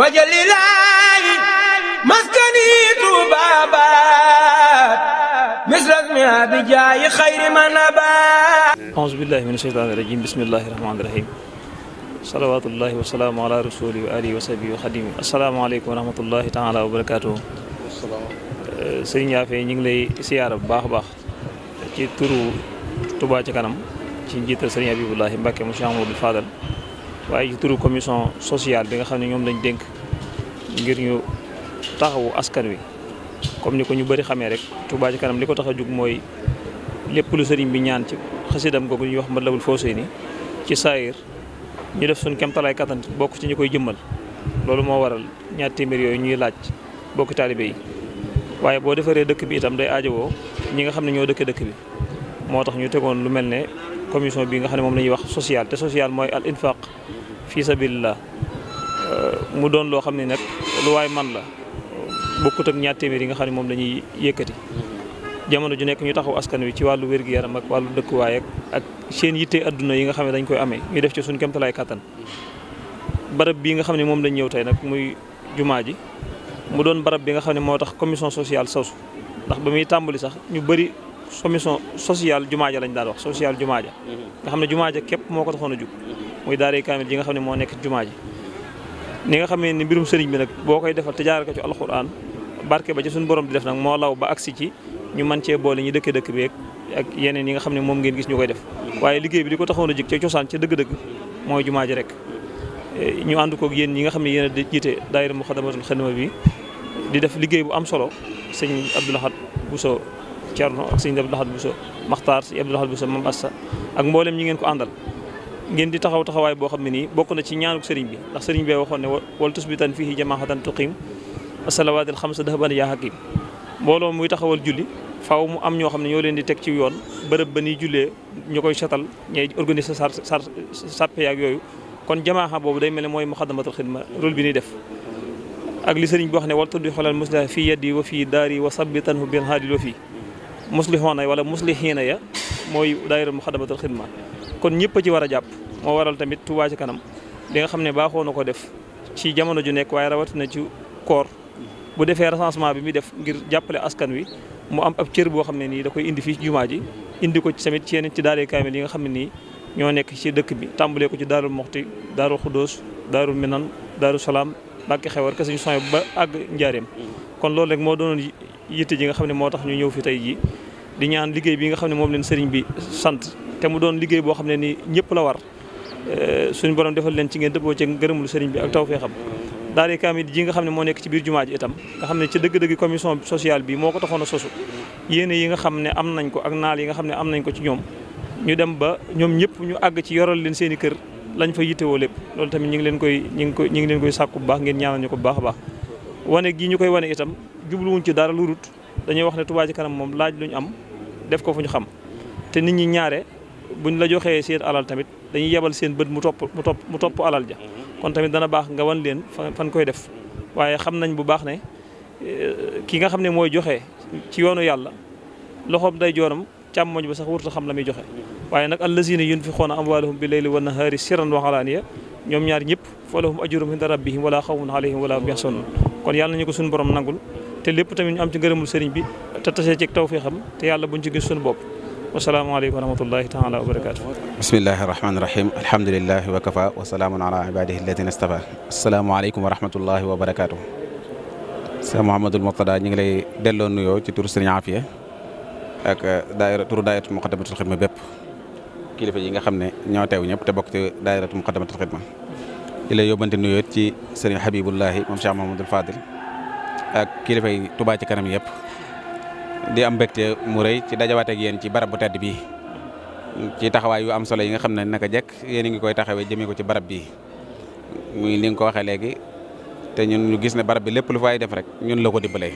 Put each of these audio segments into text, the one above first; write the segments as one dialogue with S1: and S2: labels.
S1: wajalilaahi maskani tuubaabaat misras mi abijaayi xayri man
S2: abaat auzu billaahi mina sheytaani rajiim bismillaahi rahmaani rahiim salawaatullaahi wa salaamu alaa rasuuli wa aalihi wa sahbihi wa xadiimi assalaamu taalaa wa barakaatuh sëriñ Yaafe ñu ngi bu baax a baax ci turu Touba ci kanam ci njiital sëriñ Abibullaahi mu Cheikh Amadou Fadal waaye ci turu commission sociale bi nga xam ne ñoom lañu dénk ngir ñu taxawu askan wi comme ni ko ñu bëri xamee rek Touba ci kanam li ko tax a jug mooy lépp lu sëriñ bi ñaan ci xasidam googu ñuy wax Matlabul Fawzayni ci saayir ñu def suñ kemtalaay kattan bokk ci ñu koy jëmmal loolu moo waral ñaar téeméer yooyu ñuy laaj bokki taalibe yi waaye boo defaree dëkk bi itam day aajowoo ñi nga xam ne ñoo dëkk dëkk bi moo tax ñu tegoon lu mel ne commission bi nga xam ne moom la ñuy wax social te social mooy al infaq fii euh, mu doon loo xam ne nag lu waay man la bokkut ak ñaar téeméer yi nga xam ne moom lañuy yékkati jamono ju nekk ñu taxaw askan wi ci wàllu wér-gu-yaram ak wàllu dëkkuwaay ak seen yitte adduna yi nga xam ne dañ koy amee ñu def ci suñ kemtalaay kàttan barab bii nga xam ne moom lañ ñëw tey nag muy jumaa ji mu doon barab bi nga xam ne moo tax commission sociale sosu ndax commission social jumaa ja lañ daan wax social jumaa ja mhm. nga xam ne jumaa ja képp moo ko taxoon a jug mhm. muy daaray kaamil ji nga xam ne moo nekk jumaa ji ni nga xamee ni mbirum sëriñ bi nag boo koy defal te jaar ko ci alxuraan barke ba ci borom di def nag moo law ba agsi ci ñu man cee boole ñu dëkk-dëkk bi ak yeneen yi nga xam ne moom ngeen gis ñu koy def mhm. waaye liggéey bi di ko taxoon a jig ca cosaan ca dëgg-dëgg mooy jumaa ji rek eh, ñu ànd koog yéen ñi nga xam ne yéen a jiite daayira Muxaddamatul Xidma bi di def liggéey bu am solo sëñ Abdoul Ahad Bousso Cerno ak sëñ Abdou Lahad Bousso Maxtaar sëñ Abdou Lahad Bousso Mam Assa ak mboolem ñi ngeen ko àndal ngeen di taxaw taxawaay boo xam ne nii bokk na ci ñaanuk sëriñ bi ndax sëriñ bi waxoon ne wal tusbitan fihi jamaahatan tuqim asalawaatil xamsa dahaban yaa hakim mbooloo muy taxawal julli faaw mu am ñoo xam ne ñoo leen di teg ci yoon bërëb ba ni jullee ñu koy setal ñay organiser sar sar sàppe ak yooyu kon jamaaha boobu day mel ne mooy muxadamatul xidma rôle bi ni def ak li sëriñ bi wax ne wal tuddi xolal musliha fii yaddi wa fii daari wa sabitanhu bin haadil wa fii muslihoona wala muslihiina ya mooy daayira muxadamatul xidma kon ñëpp a ci war a jàpp moo waral tamit Touba ci kanam li nga xam ne baaxoo na ko def ci jamono ju nekk waaye rawatina ci koor bu defee recensement bi muy def ngir jàppale askan wi mu am ab cër boo xam ne nii da koy indi fii jumaa ji indi ko ci tamit ci yeneen ci daaree kaamil yi nga xam ne nii ñoo nekk ci dëkk bi tàmbalee ko ci daarul moxti daarul xudóos daarul minan daarul salaam bàkki xewar kese ñu soñ ba àgg njaareem yitte ji nga xam ne moo tax ñu ñëw fi tey jii di ñaan liggéey bi nga xam ne moom leen sëriñ bi sant te mu doon liggéey boo xam ne ni ñëpp la war eh, suñu borom defal leen ci ngeen dëppoo ci ngërëmul sëriñ bi ak tawfeexam daara kaamil ji nga xam ne moo nekk ci biir jumaa ji itam ne ci dëgg-dëgg commission sociale bi moo ko taxoon a sosu yi nga xam ne am nañ ko ak naal yi nga xam ne am nañ ko ci ñoom ñu dem ba ñoom ñëpp ñu àgg ci yoral leen seen i kër lañ fa woo lépp loolu tamit ñu ngi leen koy ñu ngi koy ñu ngi leen koy sàkku bu baax ngeen ñaanal ñu ko baax a baax wane gi ñu koy wane jubluwuñ ci dara lu dañuy wax ne Touba Ca Kanam moom laaj lu am def ko fu ñu xam te nit ñi ñaare buñ la joxee seen alal tamit dañuy yebal seen bët mu topp mu topp mu topp alal ja kon tamit dana baax nga wan leen fan koy def waaye xam nañ bu baax ne eh, ki nga xam ne mooy joxe ci yoonu yàlla loxoom day jooram càmmoñ ba sax wurta xam la muy joxe waaye nag allazina yunfiquuna amwaalahum bi layli wa nahaari sirran wa alaaniya ñoom ñaar ñëpp fa lahum ajruhum inda rabbihim wala xawfun alayhim wala hum yaxzanun kon ko suñu borom nangul te lépp tamit ñu am ci ngërëmul sëriñ bi te tasee ci tawfeexam te yàlla buñ ci gis suñu bopp wasalaamaaleykum wa rahmatullahi taala wa barakaatu
S1: bismillahi rahmaani rahim alhamdulilahi wa kafa wa salaamun ala ibadihi alladina stafa asalaamaaleykum wa rahmatullahi wa barakaatu sa Mouhamadul Mourtada ñu ngi lay delloo nuyoo ci turu sëriñ Afia ak uh, daayira turu daayiratu Muqaddamatul bépp kilifa yi nga xam ne ñoo teew ñëpp te bokk ci daayiratu Muqaddamatul Xidma di nuyoo ci sëriñ Habibullahi moom Cheikh Mouhamadul ak kilifay Touba ci kanam yëpp di am mbégte mu rëy ci dajawaat ak yéen ci barab bu tedd bi ci taxawaay yu am solo yi nga xam ne naka jekk yéen a ngi koy taxawee jëmee ko ci barab bi muy li nga ko waxee léegi te ñun ñu gis ne barab bi lépp lu fay def rek ñun la ko dimbalee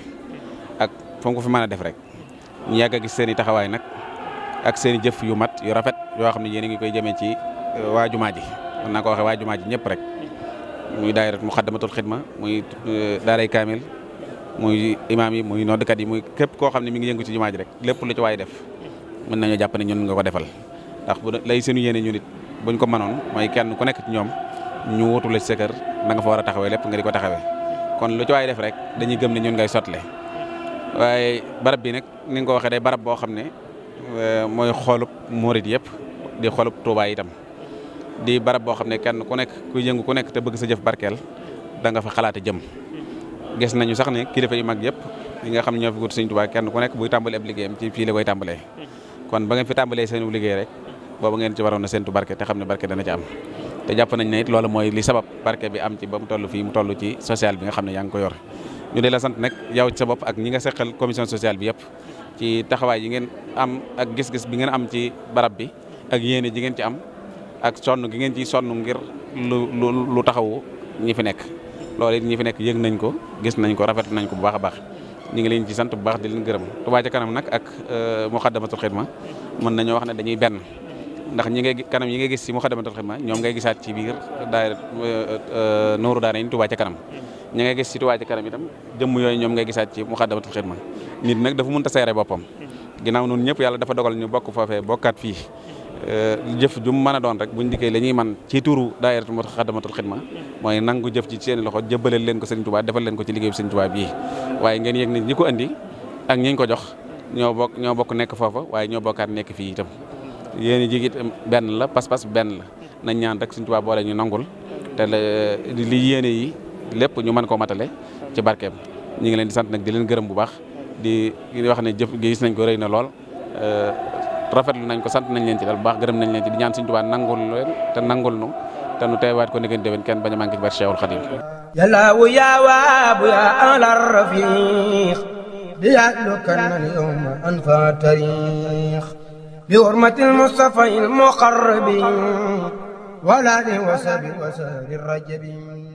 S1: ak fu ko fi mën a def rek ñu yàgg gis seen i taxawaay nag ak seeni i jëf yu mat yu rafet yoo xam ne yéen a ngi koy jëmee ci euh, waaju jumaa ji mën naa ko waxee waa jumaa ji ñëpp rek muy daayira Muxaddamatul Xidma muy euh, daaray Kaamil muy imaam yi muy noddkat yi muy képp koo xam ne mi ngi yëngu ci jumaa rek lépp lu ci waay def mën nañoo jàpp ne ñun nga ko defal ndax bu lay seenu yéene ñu nit buñ ko mënoon mooy kenn ku nekk ci ñoom ñu wutu la ci sa kër na nga fa war a taxawee lépp nga di ko taxawee kon lu ci waay def rek dañuy gëm ne ñun ngay sotle waaye barab bi nag ni nga ko waxee day barab boo xam ne euh, mooy xoolub murit yëpp di xoolub Tuubaa itam di barab boo xam ne kenn ku nekk kuy yëngu ku nekk te bëgg sa jëf barkeel da nga fa xalaate jëm gis nañu sax ne kilifa yu mag yëpp yi nga xam ñoo fi wut Sëñ Tuubaa kenn ku nekk buy tàmbali ab liggéeyam ci fii la koy tàmbalee kon ba ngeen fi tàmbalee seenu liggéey rek booba ngeen ci waroon a séntu barke te xam ne barke dana ci am te jàpp nañ ne loolu mooy li sabab barke bi am ci ba mu toll fii mu toll ci social bi nga xam ne yaa ngi ko yor ñu dee la sant nag yow ci bopp ak ñi nga seqal commission sociale bi yëpp ci taxawaay yi ngeen am ak gis-gis bi ngeen am ci barab bi ak yéene ji ngeen ci am ak sonn gi ngeen ci sonn ngir lu lu taxawu ñi fi nekk loole it fi nekk yëg nañ ko gis nañ ko rafet nañ ko bu baax a baax ñu ngi leen ci sant bu baax di leen gërëm Touba ca kanam nag ak euh, Moukhaddamatoul Khidma mën nañoo wax ne dañuy benn ndax ñi ngay kanam yi ngay gis ci Moukhaddamatoul Khidma ñoom ngay gisaat ci biir daayira euh, euh, nooru daara yi Touba ca kanam ñi ngay gis ci Touba ca kanam itam jëmm yooyu ñoom ngay gisaat ci Moukhaddamatoul Khidma nit nag dafa mun ta seere boppam ginnaaw noonu ñëpp yàlla dafa dogal ñu bokk foofee bokkaat fii Euh, jëf ju mu mën a doon rek buñ dikkee la ñuy man ci turu daayiratu Muxaddamatul Xidma mooy nangu jëf ji ci seen loxo jëbaleel leen ko Sëriñ Tuubaa defal leen ko ci liggéeyu waaye ngeen yëg ni ñi ko andi ak ñi ko jox ñoo bokk ñoo bokk nekk foofa waaye ñoo bokkaat nekk fii itam yéen ji it benn la pas-pas benn la nañ ñaan rek Sëriñ Tuubaa boole ñu nangul te li yéene yi lépp ñu mën koo matale ci barkeem ñu ngi leen di sant nag di leen gërëm bu baax di wax ne jëf gis nañ ko rëy na lool euh, rafet rafetlu nañ ko sant nañ leen ci bu baax gërëm nañ leen ci di ñaan Sëriñ Tuubaa nangul leen te nangul nu te nu teewaat ko negeen déwén kenn bañ a manqué ci barke Cheikhul Khadim yallaahu yaa waabu yaa ala rafiq
S2: di yaalukan al yawma anfa tariq
S1: bi hurmatil mustafa al muqarrabin
S2: wala li wasabi rajabi